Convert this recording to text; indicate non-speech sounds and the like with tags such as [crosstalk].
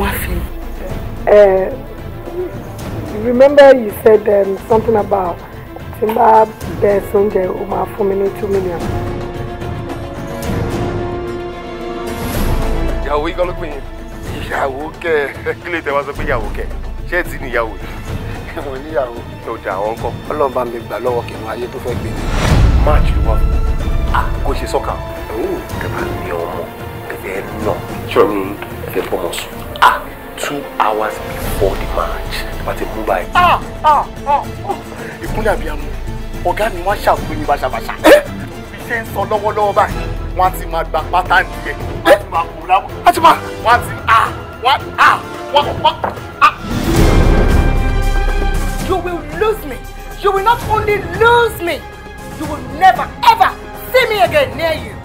wá fi. Eh, remember you said um, something about tí n bá bẹ sóúnjẹ o máa fún mi ní two million. ìyàwó igọ́ ló pè yín ìyàwó kẹ [laughs] kí lè tẹ wá sọ pé ìyàwó kẹ ṣé ẹ ti níyàwó yìí. [laughs] mo níyàwó. yóò dà àwọn nǹkan. ọlọ́run bá mi gbà lọ́wọ́ kìnnìún ayé tó fẹ́ gbé mi. máàcì ló wà ah, ṣe sọ́kà. kẹfà ni ọmọ kẹfẹ́ náà. sọ ni tẹ fọmọ ah two hours before the match But ti mú báyìí. ah ah ah, ah. ìkúnlẹ̀ àbíyamọ ọ̀gá mi wá ṣàwùjọ ní bàṣàbàṣà bí ṣe ń sọ lọ́wọ́lọ́wọ́ báyìí wọ́n ti máa gba pátá nìyẹn wọ́n ti máa kó láwọ̀ wọ́n ti máa wọ́n ti ah wọ́n ah wọ́n wọ́n ah. you will lose me you will not only lose me you will never ever see me again near you.